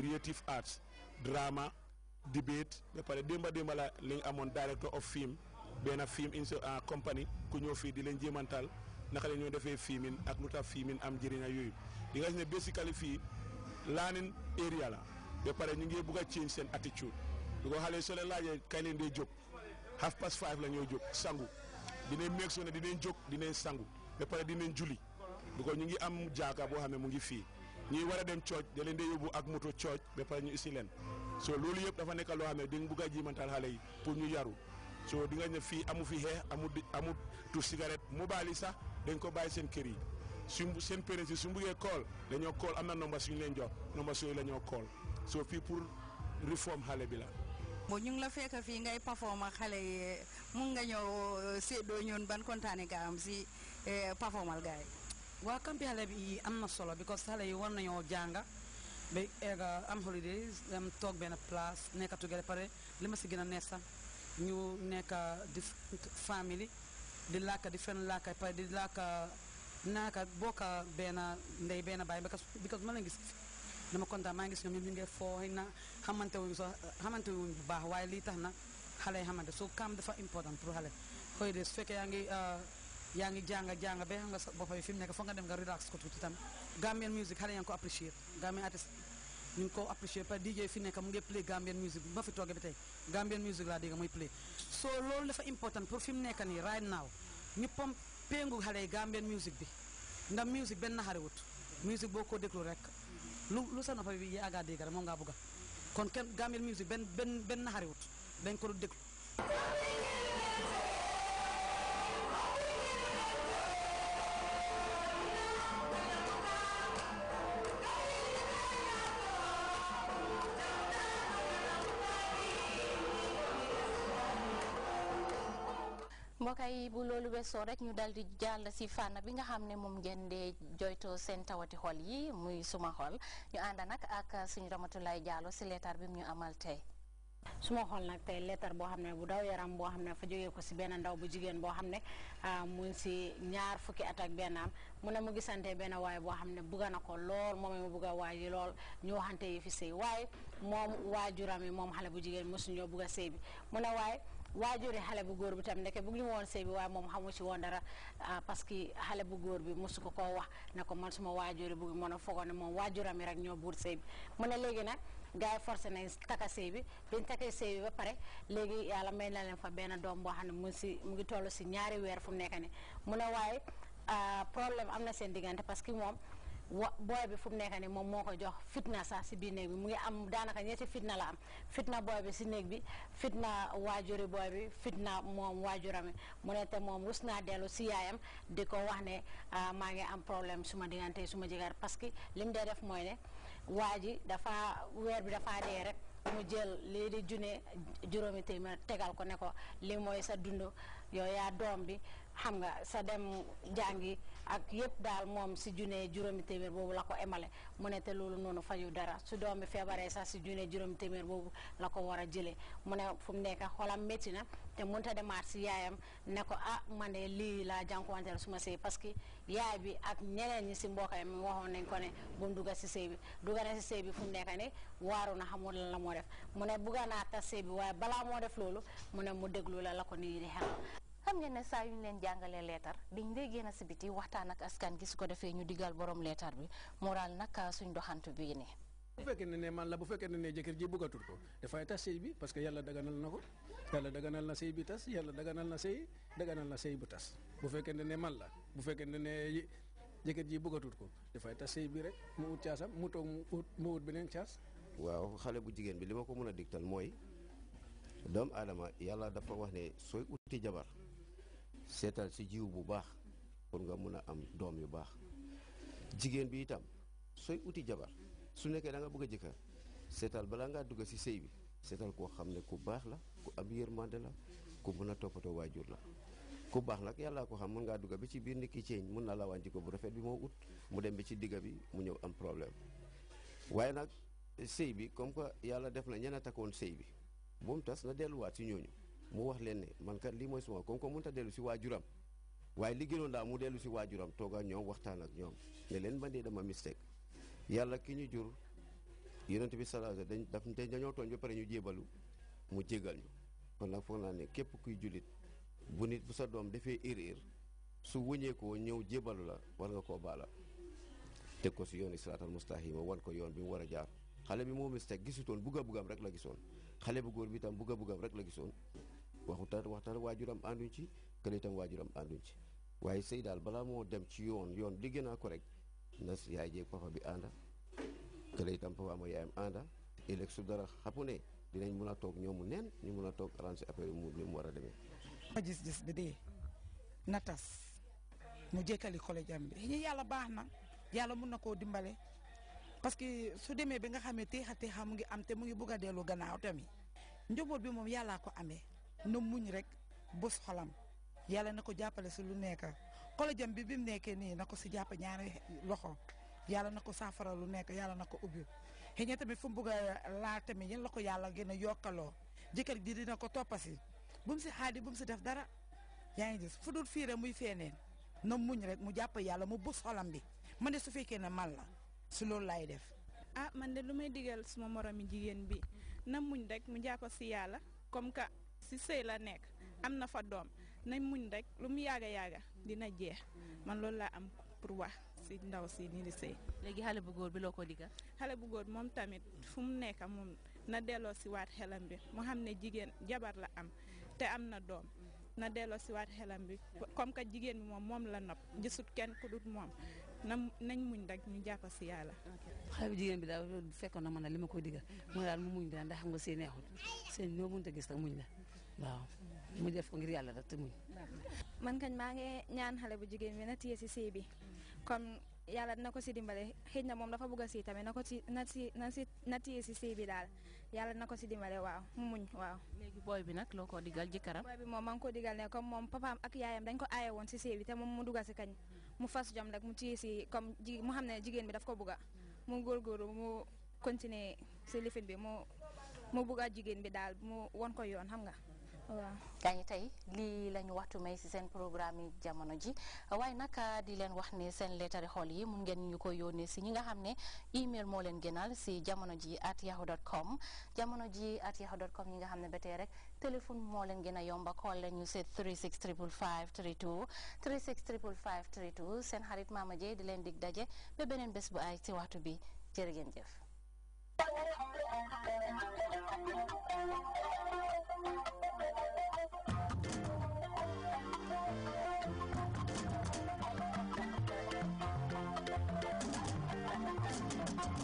creative arts drama debate ba pare démba démba la li nga amoon director of film benn film insu ah, company ku ñëw fii di leen jéemantal naka la ñoo defee filmin ak lu tax filmin am njëriñ ak yooyu di nga gis ne basically fii learning area la ba pare ñu ngi bugg a change seen attitude lu ko xale soo leen laajee kañ leen dee jóg half past five la ñoo jóg sangu dinañ meeg di ne dinañ jóg dinañ sangu ba pare dinañ julli du ko ñu ngi am jaaka boo xam ne mu ngi fii ñuy war a dem cooj da leen dee yóbbu ak moto cooj ba pare ñu isi leen so loolu yëpp dafa nekk loo xam ne di nga bugg a jiimantaal xale yi pour ñu yaru so di nga ne fii amu fi xeex amu amu tu cigarette mobile yi sax dañ ko bàyyi seen kër yi su seen parents yi su buggee kool dañoo kool am na nomba suñu leen jox nomba suñu la ñoo kool so fii pour réforme xale bi la. bon ñu ngi la fekk fii ngay perform ak xale yi mun nga ñëw euh, séddoo ñoon ban kontaane nga am si euh, performal gars yi waa campi xale yi am not solo because xale yi war nañoo jànga ba egga am holidays dem toog benn place nekka together pare li ma si gën a neex sax ñu different family di làkka different làkka pare di làkka naaka bokka benn ndey benn baay because ma la gis dama kontaan maa ngi gis ñoom ñu ngi foo na xamante wuñ sax xamante wuñ bu baax waaye na xale yi xamante so kam dafa important pour xale holidays su fekkee yaa uh, yaa ngi jàng jàng be xam nga sa bopp bi fi mu nekk foog nga dem nga relax ko tuuti tam Gambian music xale yaa ngi ko apprécier Gambian artiste ñu ngi ko apprécier parce que DJ fi nekk mu ngi play Gambian music ba fi toogee ba tey Gambian music laa dégg muy play so loolu dafa important pour fi bi ndax music benn xariwut music boo ko déglu rek lu lu sa noppa bi yaa ngaa dégg rek moom ngaa bëgg kon kenn Gambian music benn benn benn xariwut dañ ko déglu mbokk yi bu loolu weesoo rek ñu dal di jàll si fànn bi nga xam ne moom ngeen dee joytoo seen tawati xol yi muy suma xol ñu ànd nag ak suñu Ramatulaay Jaalo si leetar bi mu ñu amal tey. suma xool nag tey leetar boo xam ne bu daw yaram boo xam ne fa jógee ko si benn ndaw bu jigéen boo xam ne ah, mu ngi si ñaar fukki at ak benn am mu ne mu gisante benn waay boo xam ne bugga na ko lool moom mu bugg waay lool ñu waxante yi fi sëy waaye moom waajuram yi moom xale bu jigéen mosuñoo bugg a sëy bi waajuri xale bu góor bi tam ndeke bu li mu woon sëy bi waaye moom xamu ci woon dara ah, parce que xale bu góor bi mosu ko koo wax ne ko man suma waajuri bu mën a fogoon ne moom waajuram rek ñoo buur sëy bi mu ne léegi nag gars yi forcé nañ takka sëy bi biñ takkee léegi yàlla may na leen fa benn doom boo xam ne mu si mu ngi toll si ñaari weer fu mu nekk ni mu ne waaye ah, problème am na seen diggante parce que moom wa booy bi fu mu nekk nii moom moo ko jox fitna sax si biir néeg bi mu ngi am daanaka ñetti fitna la am fitna booy bi si néeg bi fitna waajuri booy bi fitna moom waajuram mu ne moom rus naa dellu si yaayam di ko wax ne ah, maa ngi am problème suma diggante suma jëkkër parce que li mu dee def mooy ne waa ji dafa weer bi dafa jël lii di junne tegal ko ne ko li mooy sa dund yow yaa doom bi xam nga sa dem jàngi ak yëpp daal moom si junne juróomi téeméer boobu la ko emale mu ne te loolu noonu fayu dara su doom bi feebaree sax si junne juróomi téeméer boobu la ko war a jëlee mu ne fu mu nekk xolam métti na te mënut a demaat si yaayam ne ko ah man de lii laa jànkuwanteel su ma sëy parce que yaay bi ak ñeneen ñi si mbokkam mi waxoon nañ ko ne bu mu dugga si sëy bi dugga na si sëy bi fu mu nekk ni waaru na xamul la moo def mu ne bugga naa tas sëy bi waaye balaa moo def loolu mu ne mu déglu la la ko nii xam ngeen ne saa yu ñu leen jàngalee leetar dañ dee génn si waxtaan ak askan gi su ko defee ñu digal borom leetar bi moral nag suñ doxantu bii nii. bu fekkee ne man la bu fekkee ne ne jëkkër ji bëggatul ko dafay tas sëy bi parce que yàlla daganal na ko yàlla daganal na sëy bi tas yàlla daganal na sëy daganal na sëy bu tas bu fekkee ne man la bu fekkee ne ne jëkkër ji bëggatul ko dafay tas sëy bi rek mu ut caasam mu toog mu ut mu ut beneen caas. waaw xale bu jigéen bi li ma ko mën a digtal mooy doomu aadama yàlla dafa wax ne sooy uti jabar seetal si jiw bu baax pour nga mun a am doom yu baax jigéen bi itam sooy uti jabar su nekkee da nga bëgg a jëkkër seetal balaa ngaa dugg si sëy bi seetal koo xam ne ku baax la ku am yërmande la ku mun a toppatoo waajur la ku baax nag yàllaa ko xam mun ngaa dugg bi ci biir nit ki ceeñ mun na la waan jikko bu rafet bi moo ut mu dem bi ci digga bi mu ñëw am problème waaye nag sëy bi comme que yàlla def na a takkoon sëy bi bu mu tas na delluwaat si ñooñu mu wax leen ne man kat lii mooy suma comme que mënut a dellu si waajuram waaye li gënoon daal mu dellu si waajuram toog ak ñoom waxtaan ak ñoom ne leen man de dama mistake yàlla ki ñu jur yonent bi sallallahu alayhi wa sallam dañ dañoo tooñ ñu jébalu mu jégal ñu kon nag naa ne képp kuy jullit bu nit bu sa doom defee erreur su wëñeekoo ñëw jébalu la war nga koo baala teg ko si yooni siraatal mustaqima wan ko yoon bi mu war a jaar xale bi moo mistake gisutoon bugg a buggam rek la gisoon xale bu góor bi tam bugg a buggam rek la gisoon waxuta waxtal waajuram ànduñ ci kene tan waajuram ànduñ ci waye sëy daal bala mo dem ci yoon yoon digg naa ko rek nas yaay jeeg papa bi anda, kene tan papa yaay am anda, elek su dara xapu dinañ mëna tok ñom neen ñu mëna tok arrange affaire mu ni wara war ma gis-gis bi dee na mu jekkali collège am bi yàlla baax na yàlla mun na parce que su demee bi nga xamé téexa téexa mu ngi am te mu ngi bugg a gannaaw tamit njaboot bi mom yalla ko amé na muñ rek bés xolam yàlla na ko jàppale si lu nekk xolo jëm bi bi mu nekkee nii na ko si jàpp ñaari loxo yàlla na ko saafara lu nekk yàlla na ko ubbi xëy na tamit fu mu bugg a laal tamit la ko yàlla gën a yokkaloo jëkkër ji dina ko toppasi bu si xaadi bu si def dara yaa ngi gis fu dul fiire muy feeneen na muñ rek mu jàpp yàlla mu bés xolam bi man de su fekkee ne man la si loolu laay def. Ah, man lu may digal suma moromi jigéen bi na muñ rek mu jàpp si yàlla comme que si sëy la nekk am na fa doom nañ muñ rek lu mu yaaga yaga dina jeex man loolu laa am pour wax si ndaw si nii di sëy léegi xale bu góor bi la ko digal xale bu góor moom tamit fu mu nekk moom na delloo si waat xelam bi mu xam ne jigéen jabar la am te am na doom na delloo si waat xelam bi comme que jigéen bi moom moom la nopp jësut kenn ku dut moom na nañ muñ rek ñu jàpp si yàlla xale bu jigéen bi daal fekkoon na man a li ma koy digal mooy daal mu muñ daal ndax xam nga sëy neexut sëy noo mënta gis rek muñ la waaw mu def ngir yàlla rek te muñ man kañ maa ngi ñaan xale bu jigéen bi na téye si sëy bi comme yàlla dina ko si dimbale xëy na moom dafa bëgg a tamit na ko si na si na si na téye si sëy bi daal yàlla dina ko si dimbale waaw mu muñ waaw léegi booy bi nag loo ko digal jëkkëram bi moom maa ngi ko digal ne moom papaam ak yaayam dañ ko aaye woon si sëy bi te moom mu dugal si kañ mu fas jom rek mu téye si comme ji mu xam ne jigéen bi daf ko bëgg mu góor góorgóorlu mu continuer si lifin bi mu mu bëgg a jigéen bi daal mu won ko yoon xam nga yaa ngi tey lii lañu waxtu may si seen programme jamono ji waaye naka di leen wax ni seen leetari xool yi mun ngeen ñu ko yónnee si ñi nga xam ne email moo leen gënal si jamono ji at yahoo dot com jamono ji at yahoo dot com ñi nga xam ne ba tey rek téléphone moo leen gën a yomba call leen ñu seet 36 555 32 36 555 32 seen xarit Mama Jee di leen dig daje ba beneen bés bu ay si waxtu bi jërë ngeen jëf